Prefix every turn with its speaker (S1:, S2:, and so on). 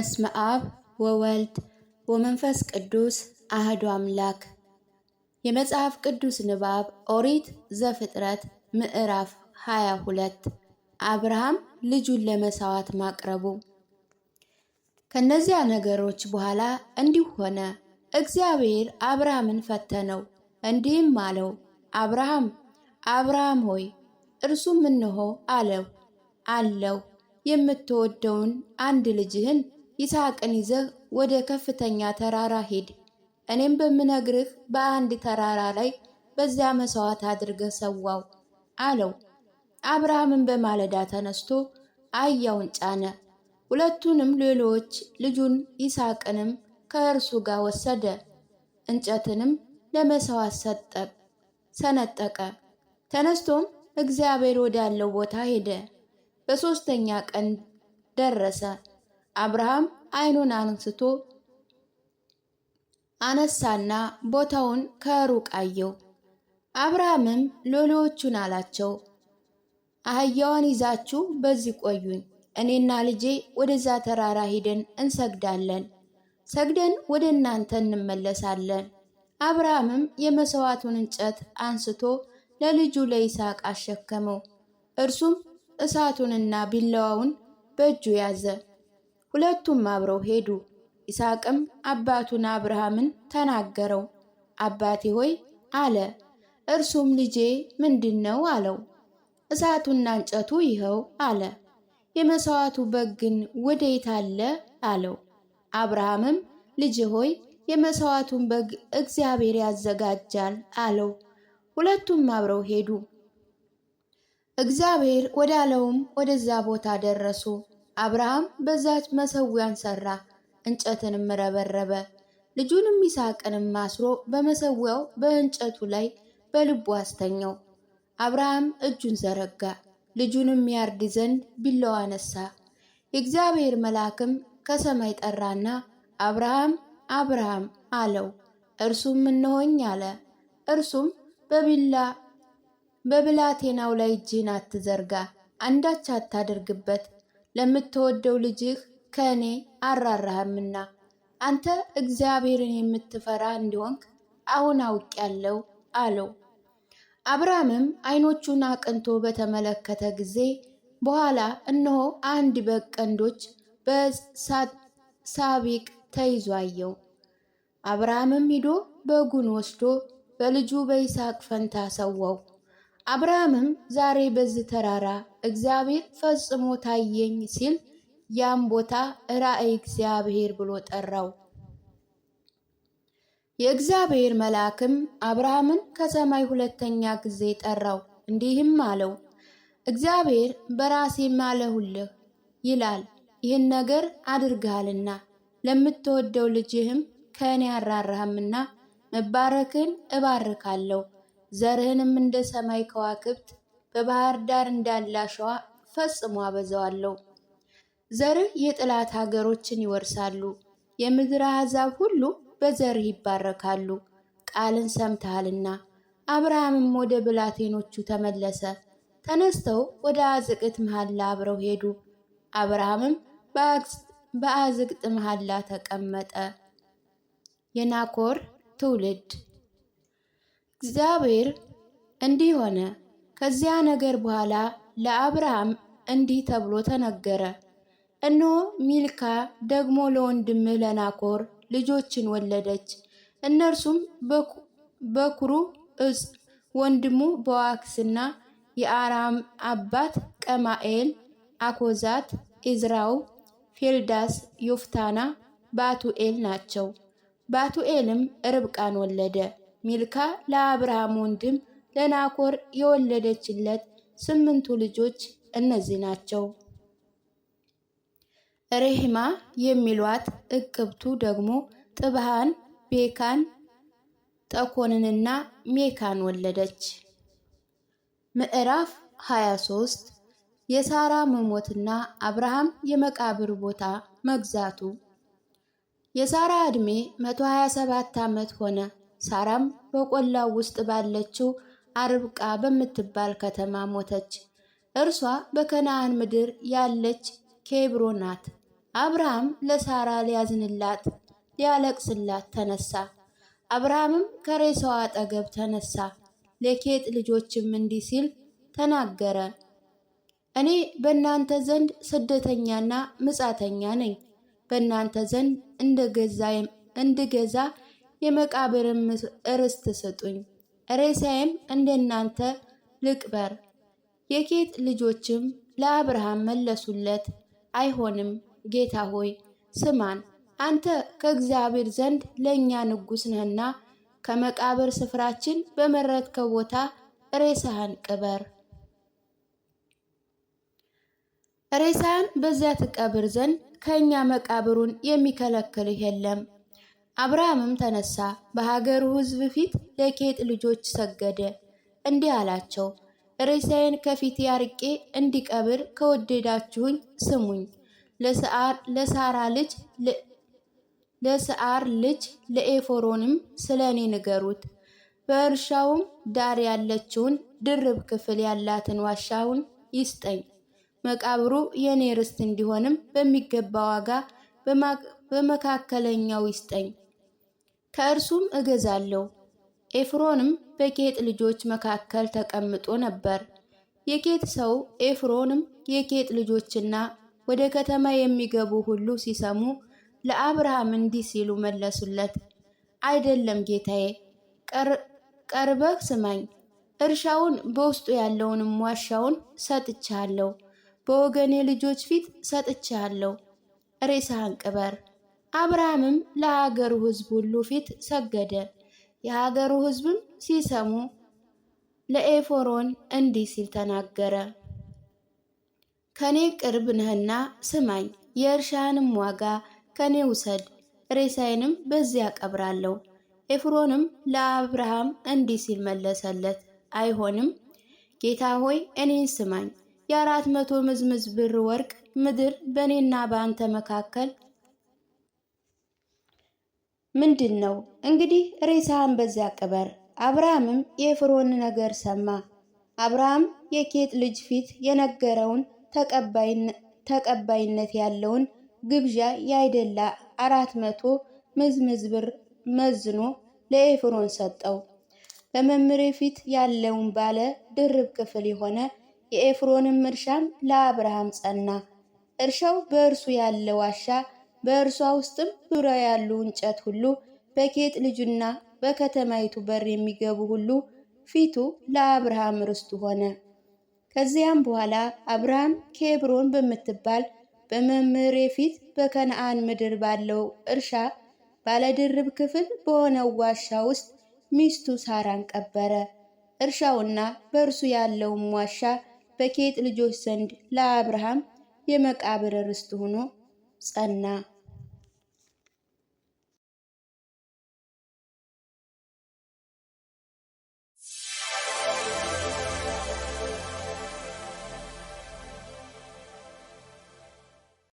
S1: በስመ አብ ወወልድ ወመንፈስ ቅዱስ አህዶ አምላክ። የመጽሐፍ ቅዱስ ንባብ ኦሪት ዘፍጥረት ምዕራፍ 22 አብርሃም ልጁን ለመሳዋት ማቅረቡ። ከነዚያ ነገሮች በኋላ እንዲሁ ሆነ፣ እግዚአብሔር አብርሃምን ፈተነው፣ እንዲህም አለው፣ አብርሃም አብርሃም ሆይ እርሱም እነሆ አለው አለው የምትወደውን አንድ ልጅህን ይስሐቅን ይዘህ ወደ ከፍተኛ ተራራ ሂድ። እኔም በምነግርህ በአንድ ተራራ ላይ በዚያ መሥዋዕት አድርገህ ሰዋው አለው። አብርሃምን በማለዳ ተነስቶ አህያውን ጫነ። ሁለቱንም ሌሎች ልጁን ይስሐቅንም ከእርሱ ጋር ወሰደ። እንጨትንም ለመሥዋዕት ሰጠ ሰነጠቀ። ተነስቶም እግዚአብሔር ወዳለው ቦታ ሄደ። በሦስተኛ ቀን ደረሰ። አብርሃም አይኑን አንስቶ አነሳና ቦታውን ከሩቅ አየው። አብርሃምም ሎሌዎቹን አላቸው፣ አህያዋን ይዛችሁ በዚህ ቆዩኝ፣ እኔና ልጄ ወደዛ ተራራ ሂደን እንሰግዳለን፣ ሰግደን ወደ እናንተ እንመለሳለን። አብርሃምም የመሥዋዕቱን እንጨት አንስቶ ለልጁ ለይስሐቅ አሸከመው። እርሱም እሳቱንና ቢላዋውን በእጁ ያዘ። ሁለቱም አብረው ሄዱ። ይስሐቅም አባቱን አብርሃምን ተናገረው። አባቴ ሆይ አለ። እርሱም ልጄ ምንድን ነው አለው። እሳቱና እንጨቱ ይኸው አለ። የመሥዋዕቱ በግ ግን ወዴት አለ አለው። አብርሃምም ልጄ ሆይ የመሥዋዕቱን በግ እግዚአብሔር ያዘጋጃል አለው። ሁለቱም አብረው ሄዱ። እግዚአብሔር ወዳለውም ወደዛ ቦታ ደረሱ። አብርሃም በዛች መሰዊያን ሰራ፣ እንጨትንም ረበረበ። ልጁንም ይስሐቅንም አስሮ በመሰዊያው በእንጨቱ ላይ በልቡ አስተኛው። አብርሃም እጁን ዘረጋ፣ ልጁንም ያርድ ዘንድ ቢላዋ አነሳ። የእግዚአብሔር መልአክም ከሰማይ ጠራና አብርሃም አብርሃም አለው። እርሱም እነሆኝ አለ። እርሱም በቢላ በብላቴናው ላይ እጅህን አትዘርጋ፣ አንዳች አታድርግበት ለምትወደው ልጅህ ከእኔ አራራህምና አንተ እግዚአብሔርን የምትፈራ እንዲሆንክ አሁን አውቄያለሁ አለው። አብርሃምም ዓይኖቹን አቅንቶ በተመለከተ ጊዜ በኋላ እነሆ አንድ በግ ቀንዶች በሳቢቅ ተይዞ አየው። አብርሃምም ሂዶ በጉን ወስዶ በልጁ በይስሐቅ ፈንታ ሰዋው። አብርሃምም ዛሬ በዚህ ተራራ እግዚአብሔር ፈጽሞ ታየኝ ሲል ያም ቦታ ራእይ እግዚአብሔር ብሎ ጠራው። የእግዚአብሔር መልአክም አብርሃምን ከሰማይ ሁለተኛ ጊዜ ጠራው፣ እንዲህም አለው እግዚአብሔር በራሴ ማለሁልህ ይላል ይህን ነገር አድርግሃልና ለምትወደው ልጅህም ከእኔ አራራህምና መባረክን እባርካለሁ ዘርህንም እንደ ሰማይ ከዋክብት በባህር ዳር እንዳለ አሸዋ ፈጽሞ አበዛዋለሁ። ዘርህ የጥላት ሀገሮችን ይወርሳሉ፣ የምድር አሕዛብ ሁሉ በዘርህ ይባረካሉ። ቃልን ሰምተሃልና። አብርሃምም ወደ ብላቴኖቹ ተመለሰ። ተነስተው ወደ አዝቅት መሐላ አብረው ሄዱ። አብርሃምም በአዝቅት መሐላ ተቀመጠ። የናኮር ትውልድ እግዚአብሔር እንዲህ ሆነ። ከዚያ ነገር በኋላ ለአብርሃም እንዲህ ተብሎ ተነገረ፣ እነሆ ሚልካ ደግሞ ለወንድምህ ለናኮር ልጆችን ወለደች። እነርሱም በኩሩ እጽ ወንድሙ በዋክስና የአራም አባት ቀማኤል፣ አኮዛት፣ ኢዝራው፣ ፌልዳስ፣ ዮፍታና ባቱኤል ናቸው። ባቱኤልም ርብቃን ወለደ። ሚልካ ለአብርሃም ወንድም ለናኮር የወለደችለት ስምንቱ ልጆች እነዚህ ናቸው። ሬህማ የሚሏት እቅብቱ ደግሞ ጥብሃን፣ ቤካን፣ ጠኮንንና ሜካን ወለደች። ምዕራፍ 23 የሳራ መሞትና አብርሃም የመቃብር ቦታ መግዛቱ። የሳራ ዕድሜ 127 ዓመት ሆነ። ሳራም በቆላው ውስጥ ባለችው አርብቃ በምትባል ከተማ ሞተች። እርሷ በከነአን ምድር ያለች ኬብሮ ናት። አብርሃም ለሳራ ሊያዝንላት ሊያለቅስላት ተነሳ። አብርሃምም ከሬሳዋ አጠገብ ተነሳ፣ ለኬጥ ልጆችም እንዲህ ሲል ተናገረ። እኔ በእናንተ ዘንድ ስደተኛና ምጻተኛ ነኝ። በእናንተ ዘንድ እንድገዛ የመቃብርም ርስት ስጡኝ፣ ሬሳዬም እንደናንተ ልቅበር። የኬት ልጆችም ለአብርሃም መለሱለት፣ አይሆንም፣ ጌታ ሆይ ስማን፣ አንተ ከእግዚአብሔር ዘንድ ለእኛ ንጉሥ ነህና ከመቃብር ስፍራችን በመረጥከው ቦታ ሬሳህን ቅበር። ሬሳህን በዚያ ትቀብር ዘንድ ከእኛ መቃብሩን የሚከለክልህ የለም። አብርሃምም ተነሳ፣ በሀገሩ ሕዝብ ፊት ለኬጥ ልጆች ሰገደ፣ እንዲህ አላቸው፦ ሬሳዬን ከፊት ያርቄ እንዲቀብር ከወደዳችሁኝ ስሙኝ። ለሳራ ልጅ ለሰዓር ልጅ ለኤፎሮንም ስለ እኔ ንገሩት። በእርሻውም ዳር ያለችውን ድርብ ክፍል ያላትን ዋሻውን ይስጠኝ። መቃብሩ የእኔ ርስት እንዲሆንም በሚገባ ዋጋ በመካከለኛው ይስጠኝ። ከእርሱም እገዛለሁ። ኤፍሮንም በኬጥ ልጆች መካከል ተቀምጦ ነበር። የኬጥ ሰው ኤፍሮንም የኬጥ ልጆችና ወደ ከተማ የሚገቡ ሁሉ ሲሰሙ ለአብርሃም እንዲህ ሲሉ መለሱለት፣ አይደለም ጌታዬ፣ ቀርበህ ስማኝ። እርሻውን በውስጡ ያለውንም ዋሻውን ሰጥቻለሁ፣ በወገኔ ልጆች ፊት ሰጥቻለሁ። ሬሳህን ቅበር፣ አብርሃምም ለሀገሩ ሕዝብ ሁሉ ፊት ሰገደ። የሀገሩ ሕዝብም ሲሰሙ ለኤፎሮን እንዲህ ሲል ተናገረ፣ ከኔ ቅርብ ነህና ስማኝ፣ የእርሻህንም ዋጋ ከኔ ውሰድ፣ ሬሳይንም በዚያ አቀብራለሁ። ኤፍሮንም ለአብርሃም እንዲህ ሲል መለሰለት፣ አይሆንም፣ ጌታ ሆይ እኔን ስማኝ፣ የአራት መቶ ምዝምዝ ብር ወርቅ ምድር በእኔና በአንተ መካከል ምንድን ነው እንግዲህ ሬሳህን በዚያ ቅበር። አብርሃምም የፍሮን ነገር ሰማ። አብርሃም የኬት ልጅ ፊት የነገረውን ተቀባይነት ያለውን ግብዣ ያይደላ አራት መቶ ምዝምዝ ብር መዝኖ ለኤፍሮን ሰጠው። በመምሬ ፊት ያለውን ባለ ድርብ ክፍል የሆነ የኤፍሮንም እርሻም ለአብርሃም ጸና። እርሻው በእርሱ ያለ ዋሻ በእርሷ ውስጥም ዙሪያ ያሉ እንጨት ሁሉ በጌጥ ልጁና በከተማይቱ በር የሚገቡ ሁሉ ፊቱ ለአብርሃም ርስቱ ሆነ። ከዚያም በኋላ አብርሃም ኬብሮን በምትባል በመምሬ ፊት በከነአን ምድር ባለው እርሻ ባለድርብ ክፍል በሆነው ዋሻ ውስጥ ሚስቱ ሳራን ቀበረ። እርሻውና በእርሱ ያለውም ዋሻ በኬጥ ልጆች ዘንድ ለአብርሃም የመቃብር ርስት ሆኖ tsanna